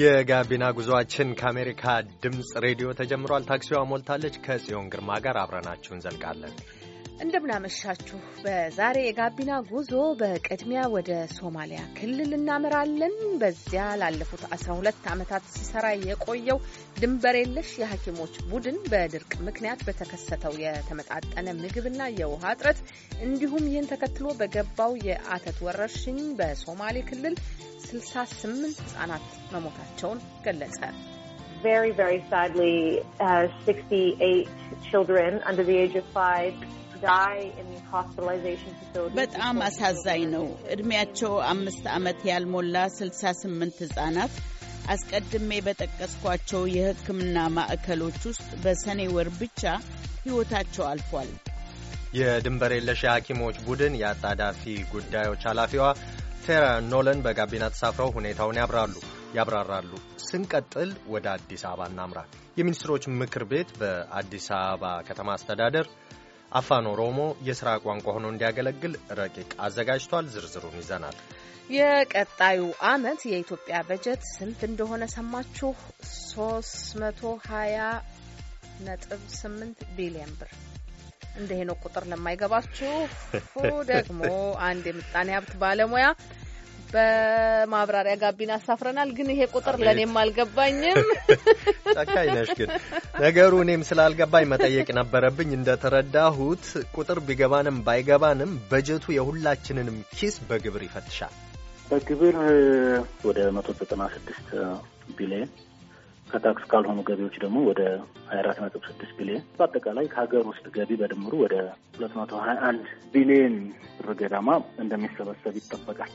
የጋቢና ጉዞአችን ከአሜሪካ ድምፅ ሬዲዮ ተጀምሯል። ታክሲዋ ሞልታለች። ከጽዮን ግርማ ጋር አብረናችሁ እንዘልቃለን። እንደምናመሻችሁ። በዛሬ የጋቢና ጉዞ በቅድሚያ ወደ ሶማሊያ ክልል እናመራለን። በዚያ ላለፉት 12 ዓመታት ሲሰራ የቆየው ድንበር የለሽ የሐኪሞች ቡድን በድርቅ ምክንያት በተከሰተው የተመጣጠነ ምግብና የውሃ እጥረት እንዲሁም ይህን ተከትሎ በገባው የአተት ወረርሽኝ በሶማሌ ክልል 68 ህጻናት መሞታቸውን ገለጸ። very, very sadly, uh, 68 children under the age of five በጣም አሳዛኝ ነው። ዕድሜያቸው አምስት ዓመት ያልሞላ 68 ሕፃናት አስቀድሜ በጠቀስኳቸው የሕክምና ማዕከሎች ውስጥ በሰኔ ወር ብቻ ሕይወታቸው አልፏል። የድንበር የለሽ ሐኪሞች ቡድን የአጣዳፊ ጉዳዮች ኃላፊዋ ቴራ ኖለን በጋቢና ተሳፍረው ሁኔታውን ያብራሉ ያብራራሉ። ስንቀጥል ወደ አዲስ አበባ እናምራ። የሚኒስትሮች ምክር ቤት በአዲስ አበባ ከተማ አስተዳደር አፋን ኦሮሞ የሥራ ቋንቋ ሆኖ እንዲያገለግል ረቂቅ አዘጋጅቷል። ዝርዝሩን ይዘናል። የቀጣዩ ዓመት የኢትዮጵያ በጀት ስንት እንደሆነ ሰማችሁ? 328 ቢሊዮን ብር። እንደሄነው ቁጥር ለማይገባችሁ ደግሞ አንድ የምጣኔ ሀብት ባለሙያ በማብራሪያ ጋቢና አሳፍረናል። ግን ይሄ ቁጥር ለእኔም አልገባኝም። ጨካኝ ነሽ። ግን ነገሩ እኔም ስላልገባኝ መጠየቅ ነበረብኝ። እንደተረዳሁት ቁጥር ቢገባንም ባይገባንም በጀቱ የሁላችንንም ኪስ በግብር ይፈትሻል። በግብር ወደ መቶ ዘጠና ስድስት ቢሊየን ከታክስ ካልሆኑ ገቢዎች ደግሞ ወደ ሀያ አራት ነጥብ ስድስት ቢሊየን በአጠቃላይ ከሀገር ውስጥ ገቢ በድምሩ ወደ ሁለት መቶ ሀያ አንድ ቢሊየን ብር ገደማ እንደሚሰበሰብ ይጠበቃል።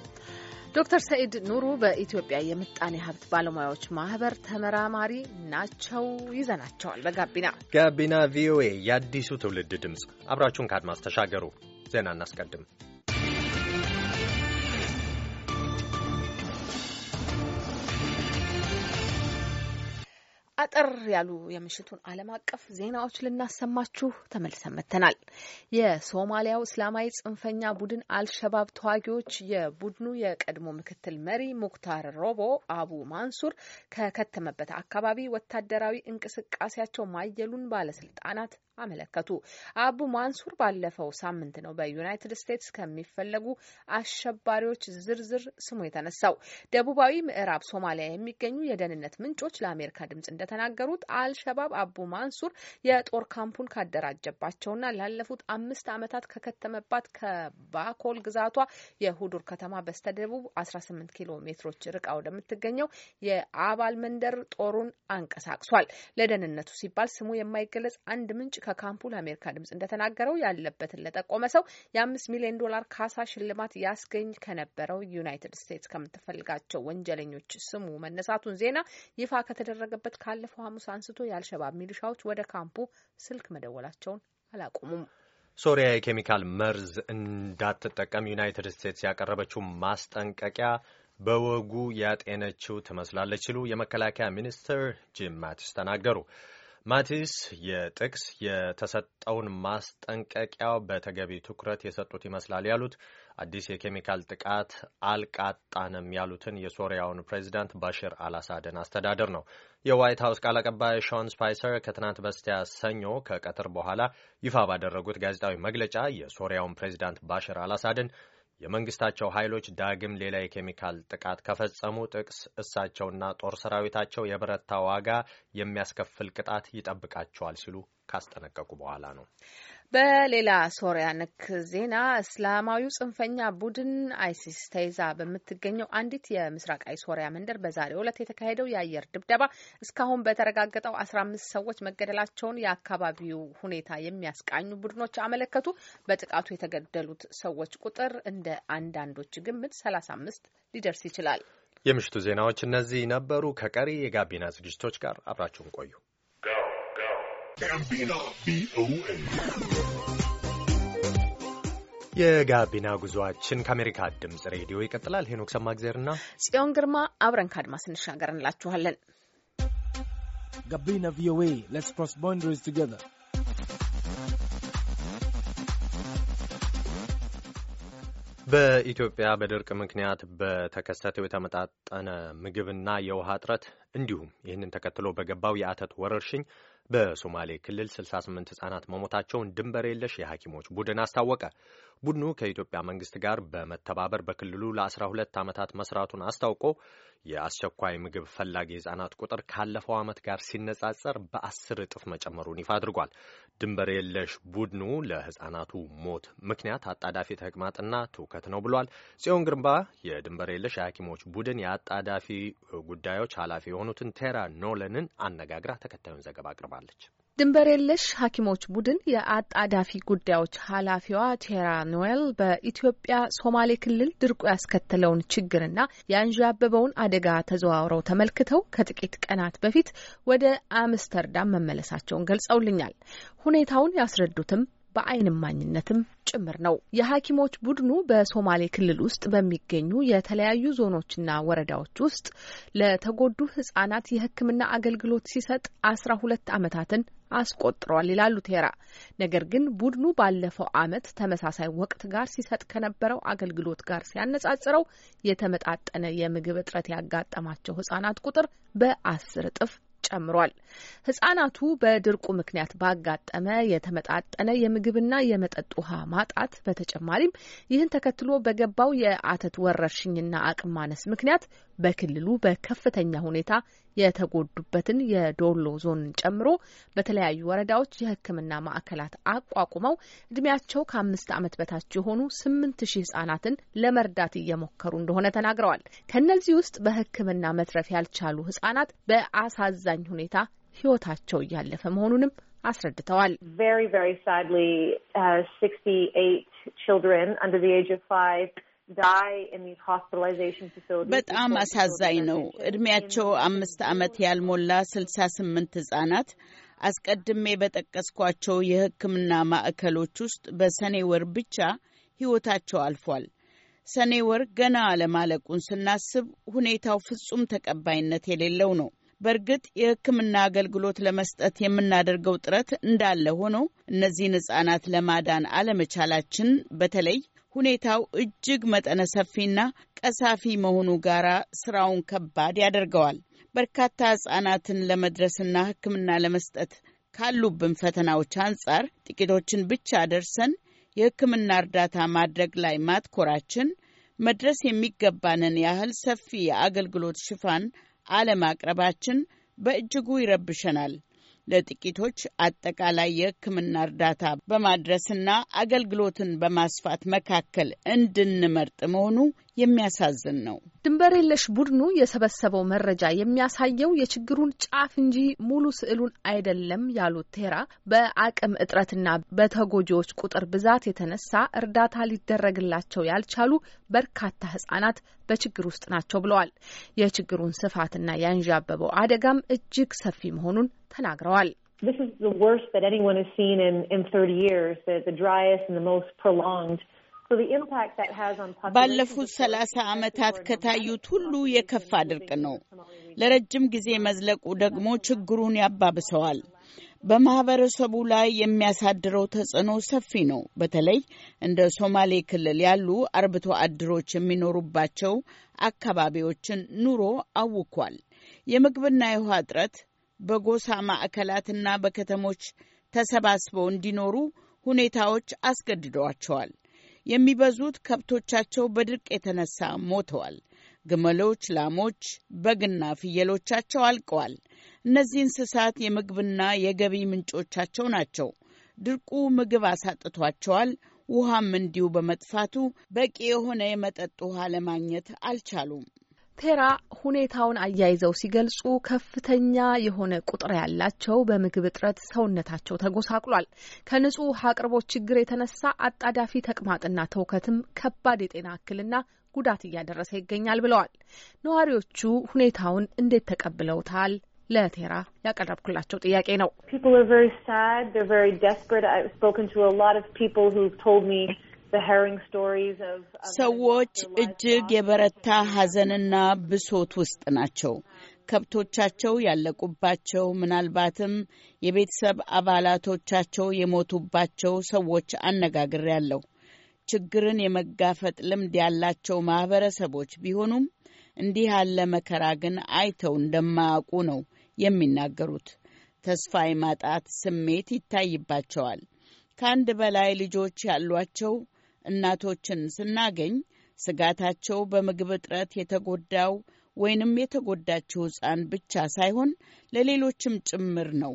ዶክተር ሰኢድ ኑሩ በኢትዮጵያ የምጣኔ ሀብት ባለሙያዎች ማህበር ተመራማሪ ናቸው። ይዘናቸዋል። በጋቢና ጋቢና ቪኦኤ የአዲሱ ትውልድ ድምፅ አብራችሁን ከአድማስ ተሻገሩ። ዜና እናስቀድም። አጠር ያሉ የምሽቱን ዓለም አቀፍ ዜናዎች ልናሰማችሁ ተመልሰን መጥተናል። የሶማሊያው እስላማዊ ጽንፈኛ ቡድን አልሸባብ ተዋጊዎች የቡድኑ የቀድሞ ምክትል መሪ ሙክታር ሮቦ አቡ ማንሱር ከከተመበት አካባቢ ወታደራዊ እንቅስቃሴያቸው ማየሉን ባለስልጣናት አመለከቱ። አቡ ማንሱር ባለፈው ሳምንት ነው በዩናይትድ ስቴትስ ከሚፈለጉ አሸባሪዎች ዝርዝር ስሙ የተነሳው። ደቡባዊ ምዕራብ ሶማሊያ የሚገኙ የደህንነት ምንጮች ለአሜሪካ ድምጽ እንደተናገሩት አልሸባብ አቡ ማንሱር የጦር ካምፑን ካደራጀባቸውና ላለፉት አምስት ዓመታት ከከተመባት ከባኮል ግዛቷ የሁዱር ከተማ በስተደቡብ 18 ኪሎ ሜትሮች ርቃ ወደምትገኘው የአባል መንደር ጦሩን አንቀሳቅሷል። ለደህንነቱ ሲባል ስሙ የማይገለጽ አንድ ምንጭ ከካምፑ ለአሜሪካ ድምጽ እንደተናገረው ያለበትን ለጠቆመ ሰው የአምስት ሚሊዮን ዶላር ካሳ ሽልማት ያስገኝ ከነበረው ዩናይትድ ስቴትስ ከምትፈልጋቸው ወንጀለኞች ስሙ መነሳቱን ዜና ይፋ ከተደረገበት ካለፈው ሐሙስ አንስቶ የአልሸባብ ሚሊሻዎች ወደ ካምፑ ስልክ መደወላቸውን አላቆሙም። ሶሪያ የኬሚካል መርዝ እንዳትጠቀም ዩናይትድ ስቴትስ ያቀረበችው ማስጠንቀቂያ በወጉ ያጤነችው ትመስላለች ሲሉ የመከላከያ ሚኒስትር ጂም ማቲስ ተናገሩ። ማቲስ የጥቅስ የተሰጠውን ማስጠንቀቂያ በተገቢ ትኩረት የሰጡት ይመስላል ያሉት አዲስ የኬሚካል ጥቃት አልቃጣንም ያሉትን የሶሪያውን ፕሬዚዳንት ባሽር አልአሳድን አስተዳደር ነው። የዋይት ሀውስ ቃል አቀባይ ሾን ስፓይሰር ከትናንት በስቲያ ሰኞ ከቀትር በኋላ ይፋ ባደረጉት ጋዜጣዊ መግለጫ የሶሪያውን ፕሬዚዳንት ባሽር አልአሳድን የመንግስታቸው ኃይሎች ዳግም ሌላ የኬሚካል ጥቃት ከፈጸሙ ጥቅስ እሳቸውና ጦር ሰራዊታቸው የበረታ ዋጋ የሚያስከፍል ቅጣት ይጠብቃቸዋል ሲሉ ካስጠነቀቁ በኋላ ነው። በሌላ ሶሪያ ንክ ዜና እስላማዊው ጽንፈኛ ቡድን አይሲስ ተይዛ በምትገኘው አንዲት የምስራቃዊ ሶሪያ መንደር በዛሬው ዕለት የተካሄደው የአየር ድብደባ እስካሁን በተረጋገጠው አስራ አምስት ሰዎች መገደላቸውን የአካባቢው ሁኔታ የሚያስቃኙ ቡድኖች አመለከቱ። በጥቃቱ የተገደሉት ሰዎች ቁጥር እንደ አንዳንዶች ግምት ሰላሳ አምስት ሊደርስ ይችላል። የምሽቱ ዜናዎች እነዚህ ነበሩ። ከቀሪ የጋቢና ዝግጅቶች ጋር አብራችሁን ቆዩ። ጋቢና ቪኦኤ የጋቢና ጉዟችን ከአሜሪካ ድምጽ ሬዲዮ ይቀጥላል። ሄኖክ ሰማግዜርና ጽዮን ግርማ አብረን ካድማ ስንሻገር እንላችኋለን። ጋቢና ቪኦኤ ሌትስ ክሮስ ቦንደሪስ ቱጌዘር በኢትዮጵያ በድርቅ ምክንያት በተከሰተው የተመጣጠነ ምግብና የውሃ እጥረት እንዲሁም ይህንን ተከትሎ በገባው የአተት ወረርሽኝ በሶማሌ ክልል 68 ህጻናት መሞታቸውን ድንበር የለሽ የሐኪሞች ቡድን አስታወቀ። ቡድኑ ከኢትዮጵያ መንግስት ጋር በመተባበር በክልሉ ለ12 ዓመታት መስራቱን አስታውቆ የአስቸኳይ ምግብ ፈላጊ ህጻናት ቁጥር ካለፈው ዓመት ጋር ሲነጻጸር በአስር እጥፍ መጨመሩን ይፋ አድርጓል። ድንበር የለሽ ቡድኑ ለሕፃናቱ ሞት ምክንያት አጣዳፊ ተቅማጥና ትውከት ነው ብሏል። ጽዮን ግርምባ የድንበር የለሽ የሐኪሞች ቡድን የአጣዳፊ ጉዳዮች ኃላፊ የሆኑትን ቴራ ኖለንን አነጋግራ ተከታዩን ዘገባ አቅርባል። ቀርባለች። ድንበር የለሽ ሐኪሞች ቡድን የአጣዳፊ ጉዳዮች ኃላፊዋ ቴራ ኖዌል በኢትዮጵያ ሶማሌ ክልል ድርቁ ያስከተለውን ችግርና የአንዣበበውን አደጋ ተዘዋውረው ተመልክተው ከጥቂት ቀናት በፊት ወደ አምስተርዳም መመለሳቸውን ገልጸውልኛል። ሁኔታውን ያስረዱትም በአይንማኝነትም ጭምር ነው። የሐኪሞች ቡድኑ በሶማሌ ክልል ውስጥ በሚገኙ የተለያዩ ዞኖችና ወረዳዎች ውስጥ ለተጎዱ ህጻናት የህክምና አገልግሎት ሲሰጥ አስራ ሁለት አመታትን አስቆጥረዋል ይላሉ ቴራ። ነገር ግን ቡድኑ ባለፈው አመት ተመሳሳይ ወቅት ጋር ሲሰጥ ከነበረው አገልግሎት ጋር ሲያነጻጽረው የተመጣጠነ የምግብ እጥረት ያጋጠማቸው ህጻናት ቁጥር በአስር እጥፍ ጨምሯል። ህጻናቱ በድርቁ ምክንያት ባጋጠመ የተመጣጠነ የምግብና የመጠጥ ውሃ ማጣት፣ በተጨማሪም ይህን ተከትሎ በገባው የአተት ወረርሽኝና አቅም ማነስ ምክንያት በክልሉ በከፍተኛ ሁኔታ የተጎዱበትን የዶሎ ዞንን ጨምሮ በተለያዩ ወረዳዎች የሕክምና ማዕከላት አቋቁመው እድሜያቸው ከአምስት ዓመት በታች የሆኑ ስምንት ሺህ ህጻናትን ለመርዳት እየሞከሩ እንደሆነ ተናግረዋል። ከእነዚህ ውስጥ በሕክምና መትረፍ ያልቻሉ ህጻናት በአሳዛኝ ሁኔታ ህይወታቸው እያለፈ መሆኑንም አስረድተዋል። ቨሪ ቨሪ ሳድሊ ሲክስቲ ኤይት ችልድረን አንደር ዘ ኤጅ ኦፍ ፋይቭ በጣም አሳዛኝ ነው። እድሜያቸው አምስት ዓመት ያልሞላ ስልሳ ስምንት ህጻናት አስቀድሜ በጠቀስኳቸው የሕክምና ማዕከሎች ውስጥ በሰኔ ወር ብቻ ሕይወታቸው አልፏል። ሰኔ ወር ገና አለማለቁን ስናስብ ሁኔታው ፍጹም ተቀባይነት የሌለው ነው። በእርግጥ የሕክምና አገልግሎት ለመስጠት የምናደርገው ጥረት እንዳለ ሆኖ እነዚህን ህጻናት ለማዳን አለመቻላችን በተለይ ሁኔታው እጅግ መጠነ ሰፊና ቀሳፊ መሆኑ ጋር ስራውን ከባድ ያደርገዋል። በርካታ ህጻናትን ለመድረስና ሕክምና ለመስጠት ካሉብን ፈተናዎች አንጻር ጥቂቶችን ብቻ ደርሰን የሕክምና እርዳታ ማድረግ ላይ ማትኮራችን መድረስ የሚገባንን ያህል ሰፊ የአገልግሎት ሽፋን አለማቅረባችን በእጅጉ ይረብሸናል። ለጥቂቶች አጠቃላይ የሕክምና እርዳታ በማድረስና አገልግሎትን በማስፋት መካከል እንድንመርጥ መሆኑ የሚያሳዝን ነው። ድንበር የለሽ ቡድኑ የሰበሰበው መረጃ የሚያሳየው የችግሩን ጫፍ እንጂ ሙሉ ስዕሉን አይደለም ያሉት ቴራ በአቅም እጥረትና በተጎጂዎች ቁጥር ብዛት የተነሳ እርዳታ ሊደረግላቸው ያልቻሉ በርካታ ህጻናት በችግር ውስጥ ናቸው ብለዋል። የችግሩን ስፋትና ያንዣበበው አደጋም እጅግ ሰፊ መሆኑን ተናግረዋል። This is the worst that anyone has seen in, in 30 years, the, the driest and the most prolonged ባለፉት ሰላሳ ዓመታት ከታዩት ሁሉ የከፋ ድርቅ ነው። ለረጅም ጊዜ መዝለቁ ደግሞ ችግሩን ያባብሰዋል። በማህበረሰቡ ላይ የሚያሳድረው ተጽዕኖ ሰፊ ነው። በተለይ እንደ ሶማሌ ክልል ያሉ አርብቶ አደሮች የሚኖሩባቸው አካባቢዎችን ኑሮ አውኳል። የምግብና የውሃ እጥረት በጎሳ ማዕከላትና በከተሞች ተሰባስበው እንዲኖሩ ሁኔታዎች አስገድደዋቸዋል። የሚበዙት ከብቶቻቸው በድርቅ የተነሳ ሞተዋል። ግመሎች፣ ላሞች፣ በግና ፍየሎቻቸው አልቀዋል። እነዚህ እንስሳት የምግብና የገቢ ምንጮቻቸው ናቸው። ድርቁ ምግብ አሳጥቷቸዋል። ውሃም እንዲሁ በመጥፋቱ በቂ የሆነ የመጠጥ ውሃ ለማግኘት አልቻሉም። ቴራ ሁኔታውን አያይዘው ሲገልጹ ከፍተኛ የሆነ ቁጥር ያላቸው በምግብ እጥረት ሰውነታቸው ተጎሳቅሏል። ከንጹህ አቅርቦት ችግር የተነሳ አጣዳፊ ተቅማጥና ተውከትም ከባድ የጤና እክልና ጉዳት እያደረሰ ይገኛል ብለዋል። ነዋሪዎቹ ሁኔታውን እንዴት ተቀብለውታል? ለቴራ ያቀረብኩላቸው ጥያቄ ነው። ሰዎች እጅግ የበረታ ሐዘንና ብሶት ውስጥ ናቸው። ከብቶቻቸው ያለቁባቸው፣ ምናልባትም የቤተሰብ አባላቶቻቸው የሞቱባቸው ሰዎች አነጋግሬያለሁ። ችግርን የመጋፈጥ ልምድ ያላቸው ማህበረሰቦች ቢሆኑም እንዲህ ያለ መከራ ግን አይተው እንደማያውቁ ነው የሚናገሩት። ተስፋ የማጣት ስሜት ይታይባቸዋል። ከአንድ በላይ ልጆች ያሏቸው እናቶችን ስናገኝ ስጋታቸው በምግብ እጥረት የተጎዳው ወይንም የተጎዳችው ሕፃን ብቻ ሳይሆን ለሌሎችም ጭምር ነው።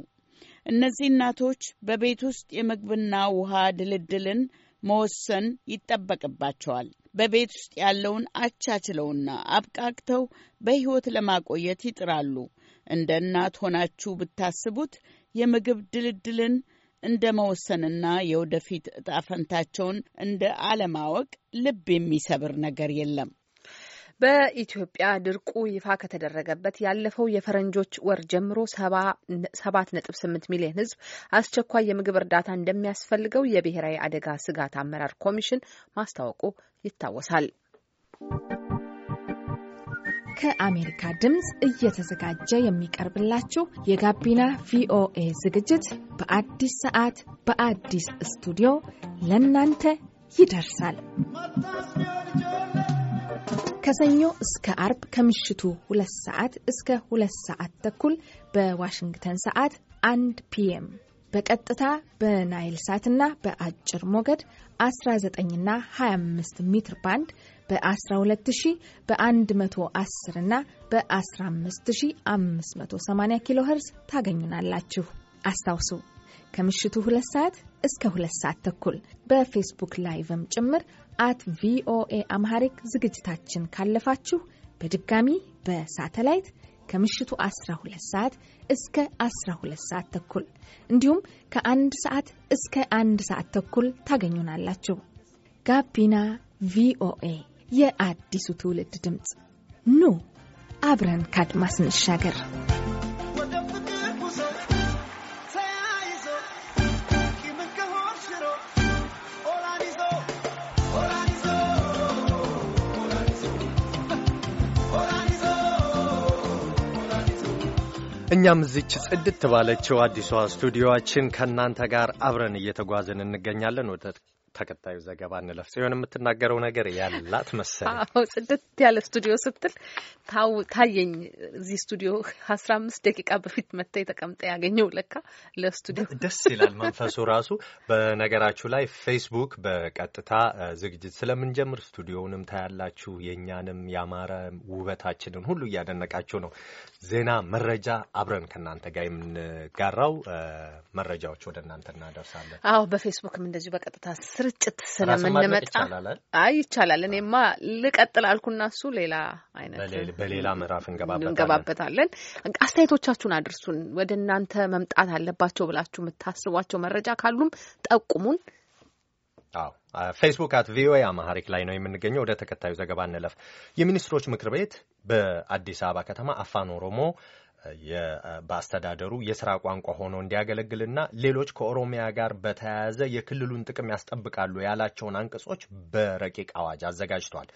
እነዚህ እናቶች በቤት ውስጥ የምግብና ውሃ ድልድልን መወሰን ይጠበቅባቸዋል። በቤት ውስጥ ያለውን አቻችለውና አብቃቅተው በሕይወት ለማቆየት ይጥራሉ። እንደ እናት ሆናችሁ ብታስቡት የምግብ ድልድልን እንደ መወሰንና የወደፊት እጣ ፈንታቸውን እንደ አለማወቅ ልብ የሚሰብር ነገር የለም። በኢትዮጵያ ድርቁ ይፋ ከተደረገበት ያለፈው የፈረንጆች ወር ጀምሮ ሰባት ነጥብ ስምንት ሚሊዮን ሕዝብ አስቸኳይ የምግብ እርዳታ እንደሚያስፈልገው የብሔራዊ አደጋ ስጋት አመራር ኮሚሽን ማስታወቁ ይታወሳል። ከአሜሪካ ድምፅ እየተዘጋጀ የሚቀርብላችሁ የጋቢና ቪኦኤ ዝግጅት በአዲስ ሰዓት በአዲስ ስቱዲዮ ለእናንተ ይደርሳል። ከሰኞ እስከ አርብ ከምሽቱ ሁለት ሰዓት እስከ ሁለት ሰዓት ተኩል በዋሽንግተን ሰዓት አንድ ፒኤም በቀጥታ በናይል ሳትና በአጭር ሞገድ 19ና 25 ሜትር ባንድ በ12000 በ110 እና በ15580 ኪሎ ሄርስ ታገኙናላችሁ። አስታውሱ ከምሽቱ ሁለት ሰዓት እስከ ሁለት ሰዓት ተኩል በፌስቡክ ላይቭም ጭምር አት ቪኦኤ አምሃሪክ ዝግጅታችን ካለፋችሁ በድጋሚ በሳተላይት ከምሽቱ 12 ሰዓት እስከ 12 ሰዓት ተኩል እንዲሁም ከአንድ ሰዓት እስከ አንድ ሰዓት ተኩል ታገኙናላችሁ። ጋቢና ቪኦኤ የአዲሱ ትውልድ ድምፅ ኑ አብረን ካድማስ እንሻገር። እኛም እዚች ጽድት ባለችው አዲሷ ስቱዲዮችን ከእናንተ ጋር አብረን እየተጓዘን እንገኛለን ወደ ተከታዩ ዘገባ እንለፍ። ሲሆን የምትናገረው ነገር ያላት መሰለኝ። ጽድት ያለ ስቱዲዮ ስትል ታየኝ። እዚህ ስቱዲዮ አስራ አምስት ደቂቃ በፊት መታ የተቀምጠ ያገኘው ለካ ለስቱዲዮ ደስ ይላል መንፈሱ ራሱ። በነገራችሁ ላይ ፌስቡክ በቀጥታ ዝግጅት ስለምንጀምር ስቱዲዮውንም ታያላችሁ። የእኛንም ያማረ ውበታችንን ሁሉ እያደነቃችሁ ነው። ዜና፣ መረጃ አብረን ከእናንተ ጋር የምንጋራው መረጃዎች ወደ እናንተ እናደርሳለን። አዎ በፌስቡክም እንደዚሁ በቀጥታ ስር ስርጭት ስለምንመጣ አይ ይቻላል። እኔማ ልቀጥል አልኩና እሱ ሌላ አይነት በሌላ ምዕራፍ እንገባበታለን። አስተያየቶቻችሁን አድርሱን። ወደ እናንተ መምጣት አለባቸው ብላችሁ የምታስቧቸው መረጃ ካሉም ጠቁሙን። አዎ ፌስቡክ አት ቪኦኤ አማሐሪክ ላይ ነው የምንገኘው። ወደ ተከታዩ ዘገባ እንለፍ። የሚኒስትሮች ምክር ቤት በአዲስ አበባ ከተማ አፋን ኦሮሞ በአስተዳደሩ የስራ ቋንቋ ሆኖ እንዲያገለግልና ሌሎች ከኦሮሚያ ጋር በተያያዘ የክልሉን ጥቅም ያስጠብቃሉ ያላቸውን አንቀጾች በረቂቅ አዋጅ አዘጋጅቷል።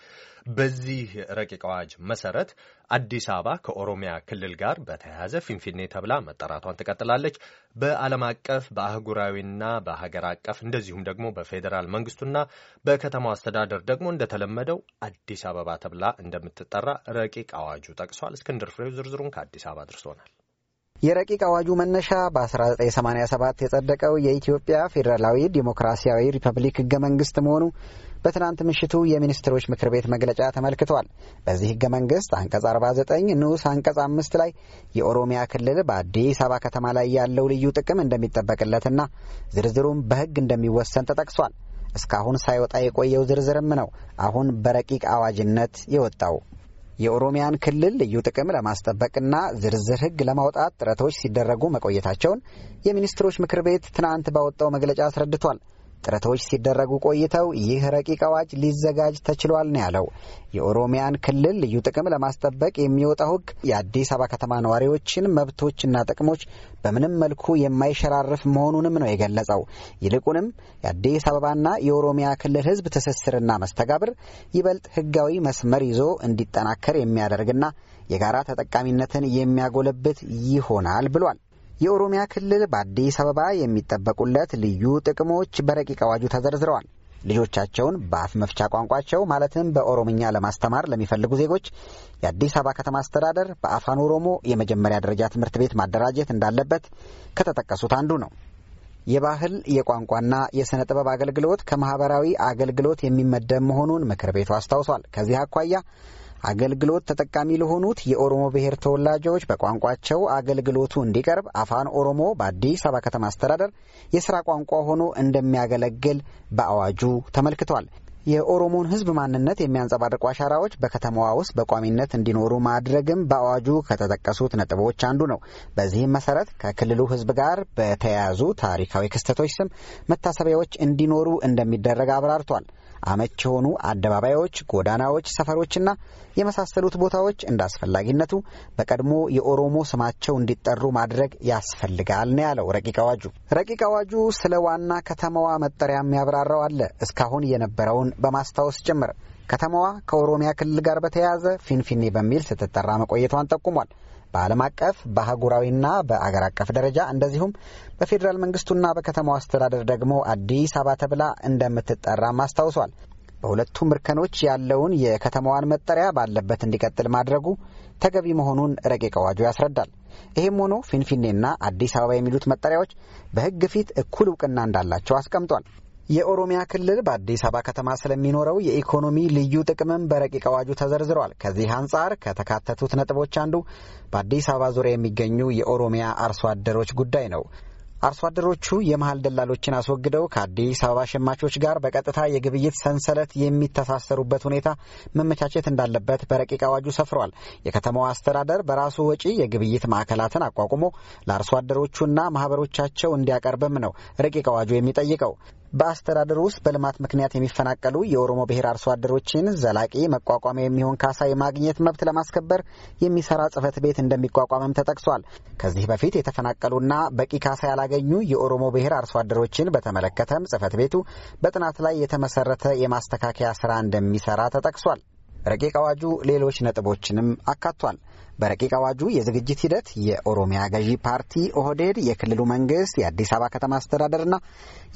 በዚህ ረቂቅ አዋጅ መሰረት አዲስ አበባ ከኦሮሚያ ክልል ጋር በተያያዘ ፊንፊኔ ተብላ መጠራቷን ትቀጥላለች። በዓለም አቀፍ በአህጉራዊና በሀገር አቀፍ እንደዚሁም ደግሞ በፌዴራል መንግስቱና በከተማው አስተዳደር ደግሞ እንደተለመደው አዲስ አበባ ተብላ እንደምትጠራ ረቂቅ አዋጁ ጠቅሷል። እስክንድር ፍሬው ዝርዝሩን ከአዲስ አበባ አድርሶናል። የረቂቅ አዋጁ መነሻ በ1987 የጸደቀው የኢትዮጵያ ፌዴራላዊ ዴሞክራሲያዊ ሪፐብሊክ ህገ መንግስት መሆኑ በትናንት ምሽቱ የሚኒስትሮች ምክር ቤት መግለጫ ተመልክቷል። በዚህ ህገ መንግስት አንቀጽ 49 ንዑስ አንቀጽ 5 ላይ የኦሮሚያ ክልል በአዲስ አበባ ከተማ ላይ ያለው ልዩ ጥቅም እንደሚጠበቅለትና ዝርዝሩም በህግ እንደሚወሰን ተጠቅሷል። እስካሁን ሳይወጣ የቆየው ዝርዝርም ነው አሁን በረቂቅ አዋጅነት የወጣው። የኦሮሚያን ክልል ልዩ ጥቅም ለማስጠበቅና ዝርዝር ሕግ ለማውጣት ጥረቶች ሲደረጉ መቆየታቸውን የሚኒስትሮች ምክር ቤት ትናንት ባወጣው መግለጫ አስረድቷል። ጥረቶች ሲደረጉ ቆይተው ይህ ረቂቅ አዋጅ ሊዘጋጅ ተችሏል ነው ያለው። የኦሮሚያን ክልል ልዩ ጥቅም ለማስጠበቅ የሚወጣው ሕግ የአዲስ አበባ ከተማ ነዋሪዎችን መብቶችና ጥቅሞች በምንም መልኩ የማይሸራርፍ መሆኑንም ነው የገለጸው። ይልቁንም የአዲስ አበባና የኦሮሚያ ክልል ሕዝብ ትስስርና መስተጋብር ይበልጥ ሕጋዊ መስመር ይዞ እንዲጠናከር የሚያደርግና የጋራ ተጠቃሚነትን የሚያጎለብት ይሆናል ብሏል። የኦሮሚያ ክልል በአዲስ አበባ የሚጠበቁለት ልዩ ጥቅሞች በረቂቅ አዋጁ ተዘርዝረዋል። ልጆቻቸውን በአፍ መፍቻ ቋንቋቸው ማለትም በኦሮምኛ ለማስተማር ለሚፈልጉ ዜጎች የአዲስ አበባ ከተማ አስተዳደር በአፋን ኦሮሞ የመጀመሪያ ደረጃ ትምህርት ቤት ማደራጀት እንዳለበት ከተጠቀሱት አንዱ ነው። የባህል የቋንቋና የሥነ ጥበብ አገልግሎት ከማኅበራዊ አገልግሎት የሚመደብ መሆኑን ምክር ቤቱ አስታውሷል። ከዚህ አኳያ አገልግሎት ተጠቃሚ ለሆኑት የኦሮሞ ብሔር ተወላጆች በቋንቋቸው አገልግሎቱ እንዲቀርብ አፋን ኦሮሞ በአዲስ አበባ ከተማ አስተዳደር የስራ ቋንቋ ሆኖ እንደሚያገለግል በአዋጁ ተመልክቷል። የኦሮሞን ሕዝብ ማንነት የሚያንጸባርቁ አሻራዎች በከተማዋ ውስጥ በቋሚነት እንዲኖሩ ማድረግም በአዋጁ ከተጠቀሱት ነጥቦች አንዱ ነው። በዚህም መሰረት ከክልሉ ሕዝብ ጋር በተያያዙ ታሪካዊ ክስተቶች ስም መታሰቢያዎች እንዲኖሩ እንደሚደረግ አብራርቷል። አመች የሆኑ አደባባዮች፣ ጎዳናዎች፣ ሰፈሮችና የመሳሰሉት ቦታዎች እንደ አስፈላጊነቱ በቀድሞ የኦሮሞ ስማቸው እንዲጠሩ ማድረግ ያስፈልጋል ነው ያለው ረቂቅ አዋጁ። ረቂቅ አዋጁ ስለ ዋና ከተማዋ መጠሪያም ያብራራው አለ እስካሁን የነበረውን በማስታወስ ጭምር ከተማዋ ከኦሮሚያ ክልል ጋር በተያያዘ ፊንፊኔ በሚል ስትጠራ መቆየቷን ጠቁሟል። በዓለም አቀፍ በአህጉራዊና በአገር አቀፍ ደረጃ እንደዚሁም በፌዴራል መንግስቱና በከተማው አስተዳደር ደግሞ አዲስ አበባ ተብላ እንደምትጠራም አስታውሷል። በሁለቱም እርከኖች ያለውን የከተማዋን መጠሪያ ባለበት እንዲቀጥል ማድረጉ ተገቢ መሆኑን ረቂቅ አዋጁ ያስረዳል። ይህም ሆኖ ፊንፊኔና አዲስ አበባ የሚሉት መጠሪያዎች በሕግ ፊት እኩል እውቅና እንዳላቸው አስቀምጧል። የኦሮሚያ ክልል በአዲስ አበባ ከተማ ስለሚኖረው የኢኮኖሚ ልዩ ጥቅምም በረቂቅ አዋጁ ተዘርዝሯል። ከዚህ አንጻር ከተካተቱት ነጥቦች አንዱ በአዲስ አበባ ዙሪያ የሚገኙ የኦሮሚያ አርሶ አደሮች ጉዳይ ነው። አርሶ አደሮቹ የመሀል ደላሎችን አስወግደው ከአዲስ አበባ ሸማቾች ጋር በቀጥታ የግብይት ሰንሰለት የሚተሳሰሩበት ሁኔታ መመቻቸት እንዳለበት በረቂቅ አዋጁ ሰፍሯል። የከተማዋ አስተዳደር በራሱ ወጪ የግብይት ማዕከላትን አቋቁሞ ለአርሶ አደሮቹና ማህበሮቻቸው እንዲያቀርብም ነው ረቂቅ አዋጁ የሚጠይቀው። በአስተዳደሩ ውስጥ በልማት ምክንያት የሚፈናቀሉ የኦሮሞ ብሔር አርሶ አደሮችን ዘላቂ መቋቋሚያ የሚሆን ካሳ የማግኘት መብት ለማስከበር የሚሰራ ጽህፈት ቤት እንደሚቋቋምም ተጠቅሷል። ከዚህ በፊት የተፈናቀሉና በቂ ካሳ ያላገኙ የኦሮሞ ብሔር አርሶ አደሮችን በተመለከተም ጽህፈት ቤቱ በጥናት ላይ የተመሰረተ የማስተካከያ ስራ እንደሚሰራ ተጠቅሷል። ረቂቅ አዋጁ ሌሎች ነጥቦችንም አካቷል። በረቂቅ አዋጁ የዝግጅት ሂደት የኦሮሚያ ገዢ ፓርቲ ኦህዴድ፣ የክልሉ መንግስት፣ የአዲስ አበባ ከተማ አስተዳደርና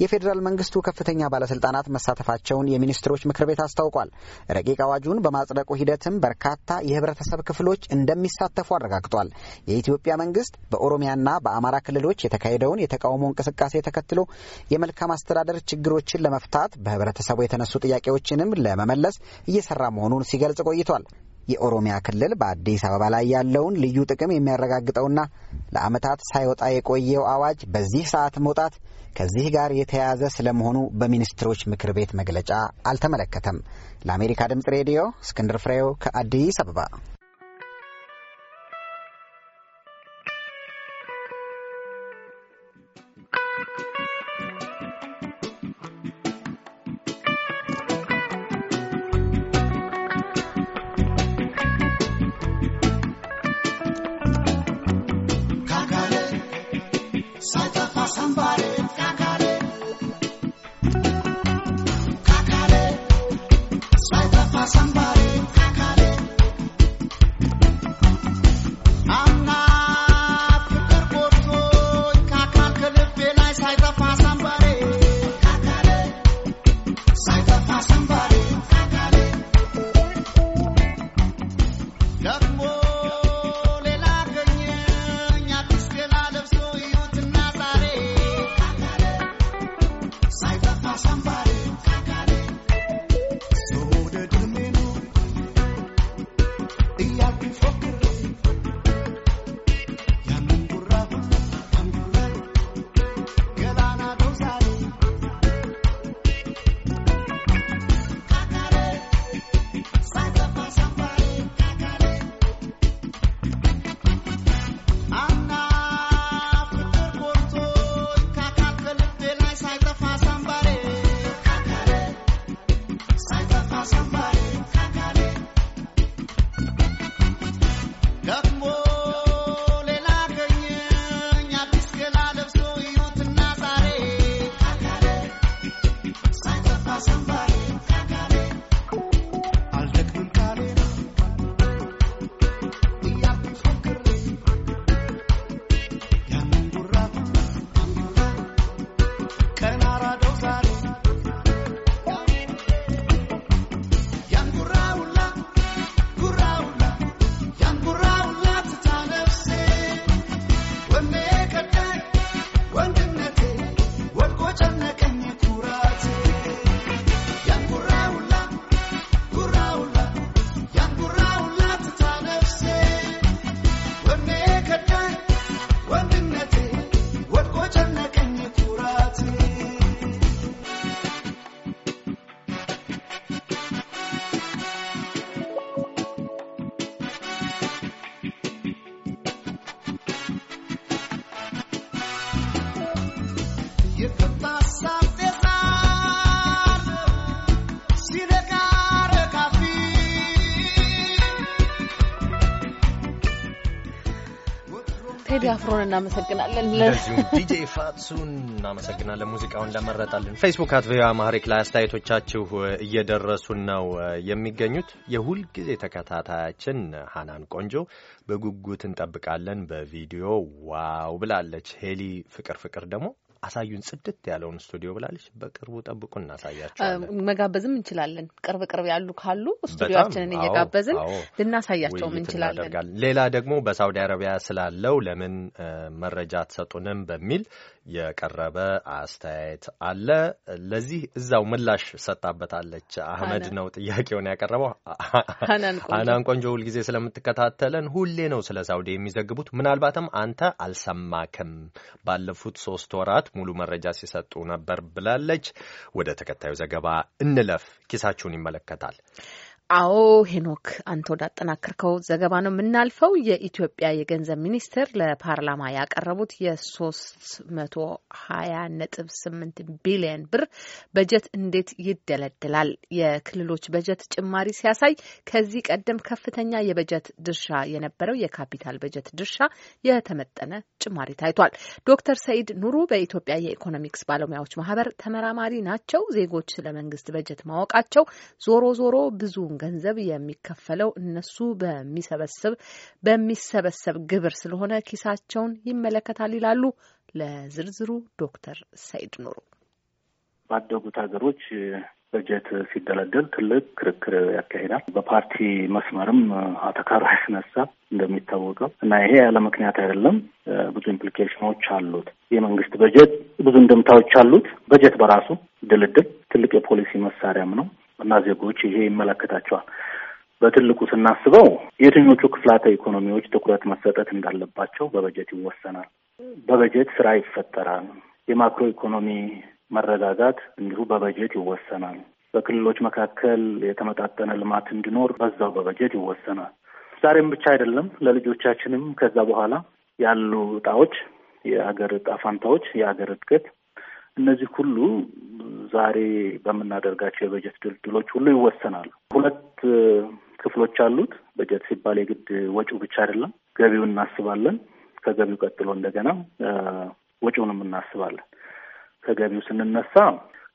የፌዴራል መንግስቱ ከፍተኛ ባለስልጣናት መሳተፋቸውን የሚኒስትሮች ምክር ቤት አስታውቋል። ረቂቅ አዋጁን በማጽደቁ ሂደትም በርካታ የህብረተሰብ ክፍሎች እንደሚሳተፉ አረጋግጧል። የኢትዮጵያ መንግስት በኦሮሚያና በአማራ ክልሎች የተካሄደውን የተቃውሞ እንቅስቃሴ ተከትሎ የመልካም አስተዳደር ችግሮችን ለመፍታት በህብረተሰቡ የተነሱ ጥያቄዎችንም ለመመለስ እየሰራ መሆኑን ሲገልጽ ቆይቷል። የኦሮሚያ ክልል በአዲስ አበባ ላይ ያለውን ልዩ ጥቅም የሚያረጋግጠውና ለዓመታት ሳይወጣ የቆየው አዋጅ በዚህ ሰዓት መውጣት ከዚህ ጋር የተያያዘ ስለመሆኑ በሚኒስትሮች ምክር ቤት መግለጫ አልተመለከተም። ለአሜሪካ ድምፅ ሬዲዮ እስክንድር ፍሬው ከአዲስ አበባ sama-sama አፍሮን እናመሰግናለን። እንደዚሁም ዲጄ ፋትሱን እናመሰግናለን ሙዚቃውን ለመረጣልን። ፌስቡክ አት ቪኦኤ አማሪክ ላይ አስተያየቶቻችሁ እየደረሱን ነው የሚገኙት። የሁልጊዜ ተከታታያችን ሀናን ቆንጆ በጉጉት እንጠብቃለን በቪዲዮ ዋው ብላለች። ሄሊ ፍቅር ፍቅር ደግሞ አሳዩን ጽድት ያለውን ስቱዲዮ ብላለች። በቅርቡ ጠብቁ እናሳያቸዋለን። መጋበዝም እንችላለን። ቅርብ ቅርብ ያሉ ካሉ ስቱዲዮችንን እየጋበዝን ልናሳያቸውም እንችላለን። ሌላ ደግሞ በሳውዲ አረቢያ ስላለው ለምን መረጃ አትሰጡንም በሚል የቀረበ አስተያየት አለ። ለዚህ እዛው ምላሽ ሰጣበታለች። አህመድ ነው ጥያቄውን ያቀረበው። ሀናን ቆንጆ ሁልጊዜ ስለምትከታተለን ሁሌ ነው ስለ ሳውዲ የሚዘግቡት። ምናልባትም አንተ አልሰማክም ባለፉት ሶስት ወራት ሙሉ መረጃ ሲሰጡ ነበር ብላለች። ወደ ተከታዩ ዘገባ እንለፍ። ኪሳችሁን ይመለከታል። አዎ ሄኖክ፣ አንተ ወዳጠናከርከው ዘገባ ነው የምናልፈው። የኢትዮጵያ የገንዘብ ሚኒስቴር ለፓርላማ ያቀረቡት የሶስት መቶ ሀያ ነጥብ ስምንት ቢሊየን ብር በጀት እንዴት ይደለድላል? የክልሎች በጀት ጭማሪ ሲያሳይ ከዚህ ቀደም ከፍተኛ የበጀት ድርሻ የነበረው የካፒታል በጀት ድርሻ የተመጠነ ጭማሪ ታይቷል። ዶክተር ሰኢድ ኑሩ በኢትዮጵያ የኢኮኖሚክስ ባለሙያዎች ማህበር ተመራማሪ ናቸው። ዜጎች ስለ መንግስት በጀት ማወቃቸው ዞሮ ዞሮ ብዙውን ገንዘብ የሚከፈለው እነሱ በሚሰበስብ በሚሰበሰብ ግብር ስለሆነ ኪሳቸውን ይመለከታል ይላሉ። ለዝርዝሩ ዶክተር ሰይድ ኑሩ። ባደጉት ሀገሮች በጀት ሲደለደል ትልቅ ክርክር ያካሂዳል። በፓርቲ መስመርም አተካሮ ያስነሳ እንደሚታወቀው እና ይሄ ያለ ምክንያት አይደለም። ብዙ ኢምፕሊኬሽኖች አሉት። የመንግስት በጀት ብዙ እንድምታዎች አሉት። በጀት በራሱ ድልድል ትልቅ የፖሊሲ መሳሪያም ነው። እና ዜጎች ይሄ ይመለከታቸዋል። በትልቁ ስናስበው የትኞቹ ክፍላተ ኢኮኖሚዎች ትኩረት መሰጠት እንዳለባቸው በበጀት ይወሰናል። በበጀት ስራ ይፈጠራል። የማክሮ ኢኮኖሚ መረጋጋት እንዲሁ በበጀት ይወሰናል። በክልሎች መካከል የተመጣጠነ ልማት እንዲኖር በዛው በበጀት ይወሰናል። ዛሬም ብቻ አይደለም፣ ለልጆቻችንም ከዛ በኋላ ያሉ እጣዎች፣ የሀገር እጣ ፋንታዎች፣ የሀገር እድገት እነዚህ ሁሉ ዛሬ በምናደርጋቸው የበጀት ድልድሎች ሁሉ ይወሰናሉ። ሁለት ክፍሎች አሉት። በጀት ሲባል የግድ ወጪው ብቻ አይደለም። ገቢው እናስባለን። ከገቢው ቀጥሎ እንደገና ወጪውንም እናስባለን። ከገቢው ስንነሳ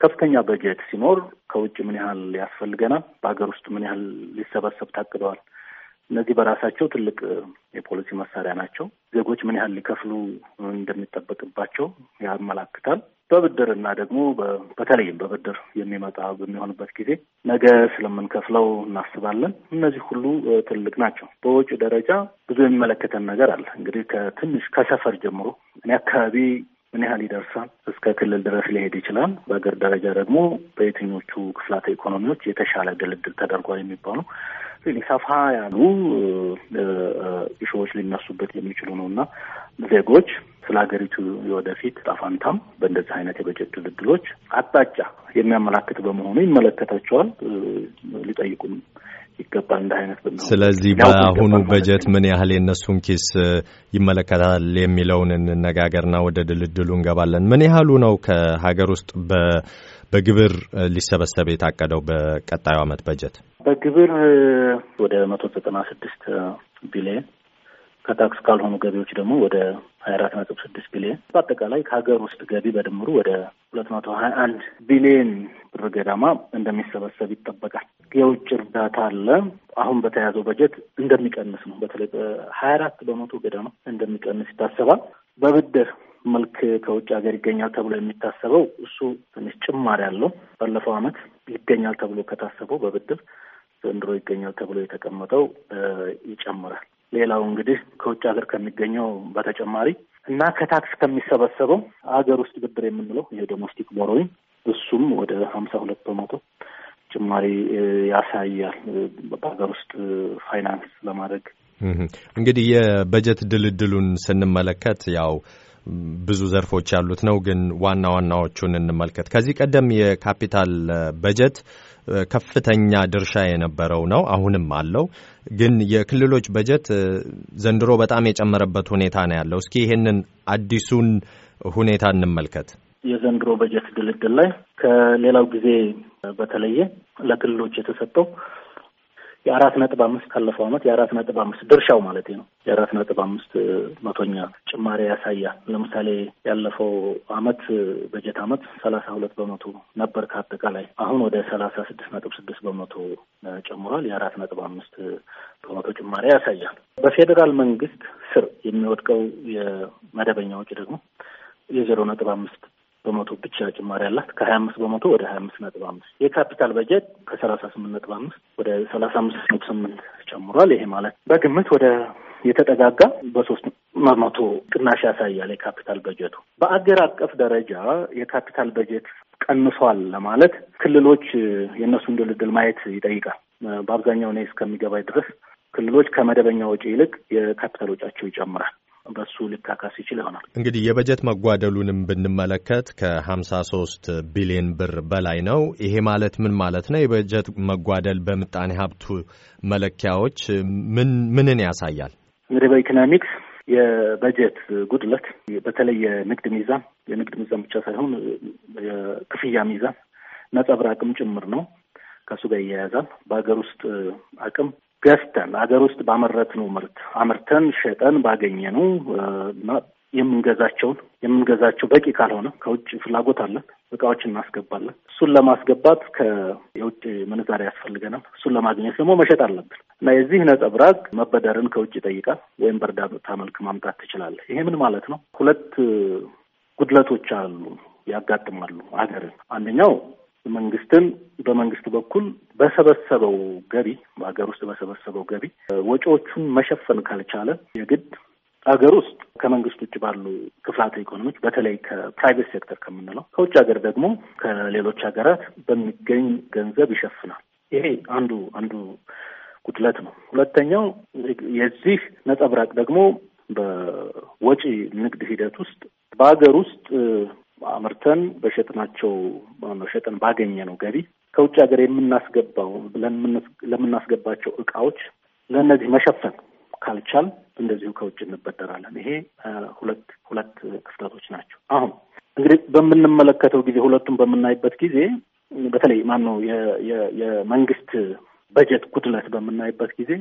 ከፍተኛ በጀት ሲኖር ከውጭ ምን ያህል ያስፈልገናል፣ በሀገር ውስጥ ምን ያህል ሊሰበሰብ ታቅደዋል እነዚህ በራሳቸው ትልቅ የፖሊሲ መሳሪያ ናቸው። ዜጎች ምን ያህል ሊከፍሉ እንደሚጠበቅባቸው ያመላክታል። እና ደግሞ በተለይም በብድር የሚመጣ በሚሆንበት ጊዜ ነገ ስለምንከፍለው እናስባለን። እነዚህ ሁሉ ትልቅ ናቸው። በውጭ ደረጃ ብዙ የሚመለከተን ነገር አለ። እንግዲህ ከትንሽ ከሰፈር ጀምሮ እኔ አካባቢ ምን ያህል ይደርሳል? እስከ ክልል ድረስ ሊሄድ ይችላል። በሀገር ደረጃ ደግሞ በየትኞቹ ክፍላተ ኢኮኖሚዎች የተሻለ ድልድል ተደርጓል የሚባሉ ሰፋ ያሉ እሾዎች ሊነሱበት የሚችሉ ነው እና ዜጎች ስለ ሀገሪቱ የወደፊት ጣፋንታም በእንደዚህ አይነት የበጀት ድልድሎች አቅጣጫ የሚያመላክት በመሆኑ ይመለከታቸዋል፣ ሊጠይቁም ይገባል እንደ አይነት ብን ስለዚህ በአሁኑ በጀት ምን ያህል የእነሱን ኪስ ይመለከታል የሚለውን እንነጋገርና ወደ ድልድሉ እንገባለን። ምን ያህሉ ነው ከሀገር ውስጥ በ በግብር ሊሰበሰብ የታቀደው በቀጣዩ አመት በጀት በግብር ወደ መቶ ዘጠና ስድስት ቢሊየን ከታክስ ካልሆኑ ገቢዎች ደግሞ ወደ ሀያ አራት ነጥብ ስድስት በአጠቃላይ ከሀገር ውስጥ ገቢ በድምሩ ወደ ሁለት መቶ ሀያ አንድ ቢሊዮን ብር ገዳማ እንደሚሰበሰብ ይጠበቃል። የውጭ እርዳታ አለ። አሁን በተያዘው በጀት እንደሚቀንስ ነው። በተለይ በሀያ አራት በመቶ ገዳማ እንደሚቀንስ ይታሰባል። በብድር መልክ ከውጭ ሀገር ይገኛል ተብሎ የሚታሰበው እሱ ትንሽ ጭማሪ አለው። ባለፈው ዓመት ይገኛል ተብሎ ከታሰበው በብድር ዘንድሮ ይገኛል ተብሎ የተቀመጠው ይጨምራል። ሌላው እንግዲህ ከውጭ ሀገር ከሚገኘው በተጨማሪ እና ከታክስ ከሚሰበሰበው ሀገር ውስጥ ብድር የምንለው የዶሜስቲክ ቦሮዊን እሱም ወደ ሀምሳ ሁለት በመቶ ጭማሪ ያሳያል። በሀገር ውስጥ ፋይናንስ ለማድረግ እንግዲህ የበጀት ድልድሉን ስንመለከት ያው ብዙ ዘርፎች ያሉት ነው። ግን ዋና ዋናዎቹን እንመልከት። ከዚህ ቀደም የካፒታል በጀት ከፍተኛ ድርሻ የነበረው ነው፣ አሁንም አለው። ግን የክልሎች በጀት ዘንድሮ በጣም የጨመረበት ሁኔታ ነው ያለው። እስኪ ይሄንን አዲሱን ሁኔታ እንመልከት። የዘንድሮ በጀት ድልድል ላይ ከሌላው ጊዜ በተለየ ለክልሎች የተሰጠው የአራት ነጥብ አምስት ካለፈው አመት የአራት ነጥብ አምስት ድርሻው ማለት ነው የአራት ነጥብ አምስት መቶኛ ጭማሪ ያሳያል። ለምሳሌ ያለፈው አመት በጀት አመት ሰላሳ ሁለት በመቶ ነበር ከአጠቃላይ አሁን ወደ ሰላሳ ስድስት ነጥብ ስድስት በመቶ ጨምሯል። የአራት ነጥብ አምስት በመቶ ጭማሪ ያሳያል። በፌዴራል መንግስት ስር የሚወድቀው የመደበኛ ወጪ ደግሞ የዜሮ ነጥብ አምስት በመቶ ብቻ ጭማሪ አላት ከሀያ አምስት በመቶ ወደ ሀያ አምስት ነጥብ አምስት የካፒታል በጀት ከሰላሳ ስምንት ነጥብ አምስት ወደ ሰላሳ አምስት ነጥብ ስምንት ጨምሯል። ይሄ ማለት በግምት ወደ የተጠጋጋ በሶስት መቶ ቅናሽ ያሳያል የካፒታል በጀቱ። በአገር አቀፍ ደረጃ የካፒታል በጀት ቀንሷል ለማለት ክልሎች የእነሱን ድልድል ማየት ይጠይቃል። በአብዛኛው እኔ እስከሚገባኝ ድረስ ክልሎች ከመደበኛ ወጪ ይልቅ የካፒታል ወጫቸው ይጨምራል። በሱ ሊካካስ ይችል ይሆናል። እንግዲህ የበጀት መጓደሉንም ብንመለከት ከሀምሳ ሶስት ቢሊዮን ብር በላይ ነው። ይሄ ማለት ምን ማለት ነው? የበጀት መጓደል በምጣኔ ሀብቱ መለኪያዎች ምንን ያሳያል? እንግዲህ በኢኮኖሚክስ የበጀት ጉድለት በተለይ የንግድ ሚዛን የንግድ ሚዛን ብቻ ሳይሆን የክፍያ ሚዛን ነጸብራቅም ጭምር ነው። ከሱ ጋር ይያያዛል። በሀገር ውስጥ አቅም ገዝተን ሀገር ውስጥ ባመረትነው ምርት አምርተን ሸጠን ባገኘነው የምንገዛቸውን የምንገዛቸው በቂ ካልሆነ ከውጭ ፍላጎት አለን፣ እቃዎችን እናስገባለን። እሱን ለማስገባት ከየውጭ ምንዛሪ ያስፈልገናል። እሱን ለማግኘት ደግሞ መሸጥ አለብን እና የዚህ ነጸብራቅ መበደርን ከውጭ ይጠይቃል፣ ወይም በእርዳታ መልክ ማምጣት ትችላለህ። ይሄ ምን ማለት ነው? ሁለት ጉድለቶች አሉ ያጋጥማሉ ሀገርን። አንደኛው መንግስትን በመንግስት በኩል በሰበሰበው ገቢ በሀገር ውስጥ በሰበሰበው ገቢ ወጪዎቹን መሸፈን ካልቻለ የግድ ሀገር ውስጥ ከመንግስት ውጭ ባሉ ክፍላተ ኢኮኖሚዎች በተለይ ከፕራይቬት ሴክተር ከምንለው ከውጭ ሀገር ደግሞ ከሌሎች ሀገራት በሚገኝ ገንዘብ ይሸፍናል። ይሄ አንዱ አንዱ ጉድለት ነው። ሁለተኛው የዚህ ነጸብራቅ ደግሞ በወጪ ንግድ ሂደት ውስጥ በሀገር ውስጥ አምርተን በሸጥናቸው ሸጠን ባገኘ ነው ገቢ ከውጭ ሀገር የምናስገባው ለምናስገባቸው እቃዎች ለእነዚህ መሸፈን ካልቻል እንደዚሁ ከውጭ እንበደራለን። ይሄ ሁለት ሁለት ክፍተቶች ናቸው። አሁን እንግዲህ በምንመለከተው ጊዜ ሁለቱም በምናይበት ጊዜ በተለይ ማነው የመንግስት በጀት ጉድለት በምናይበት ጊዜ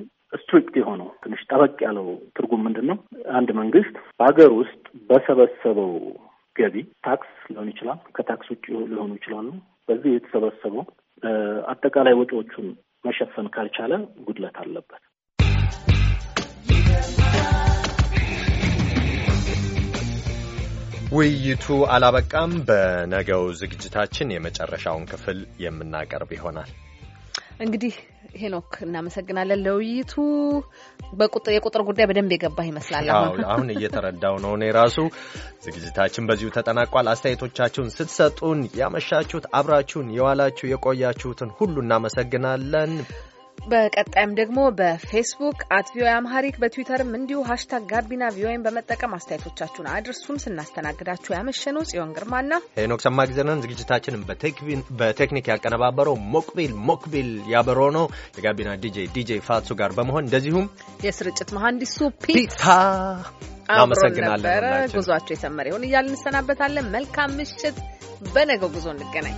ስትሪክት የሆነው ትንሽ ጠበቅ ያለው ትርጉም ምንድን ነው? አንድ መንግስት በሀገር ውስጥ በሰበሰበው ገቢ ታክስ ሊሆን ይችላል፣ ከታክስ ውጭ ሊሆኑ ይችላሉ። በዚህ የተሰበሰበው አጠቃላይ ወጪዎቹን መሸፈን ካልቻለ ጉድለት አለበት። ውይይቱ አላበቃም። በነገው ዝግጅታችን የመጨረሻውን ክፍል የምናቀርብ ይሆናል። እንግዲህ ሄኖክ እናመሰግናለን ለውይይቱ። የቁጥር ጉዳይ በደንብ የገባ ይመስላል። አሁን አሁን እየተረዳው ነው እኔ ራሱ። ዝግጅታችን በዚሁ ተጠናቋል። አስተያየቶቻችሁን ስትሰጡን ያመሻችሁት፣ አብራችሁን የዋላችሁ የቆያችሁትን ሁሉ እናመሰግናለን። በቀጣይም ደግሞ በፌስቡክ አት ቪኦኤ አምሃሪክ በትዊተርም እንዲሁ ሀሽታግ ጋቢና ቪኦኤን በመጠቀም አስተያየቶቻችሁን አድርሱን። ስናስተናግዳችሁ ያመሸነው ጽዮን ግርማና ሄኖክ ሰማግዘነን፣ ዝግጅታችንን በቴክኒክ ያቀነባበረው ሞክቢል ሞክቢል ያበሮ ነው። የጋቢና ዲጄ ዲጄ ፋቱ ጋር በመሆን እንደዚሁም የስርጭት መሐንዲሱ ፒታ አመሰግናለን። ጉዟቸው የሰመረ ይሁን እያልን እንሰናበታለን። መልካም ምሽት። በነገው ጉዞ እንገናኝ።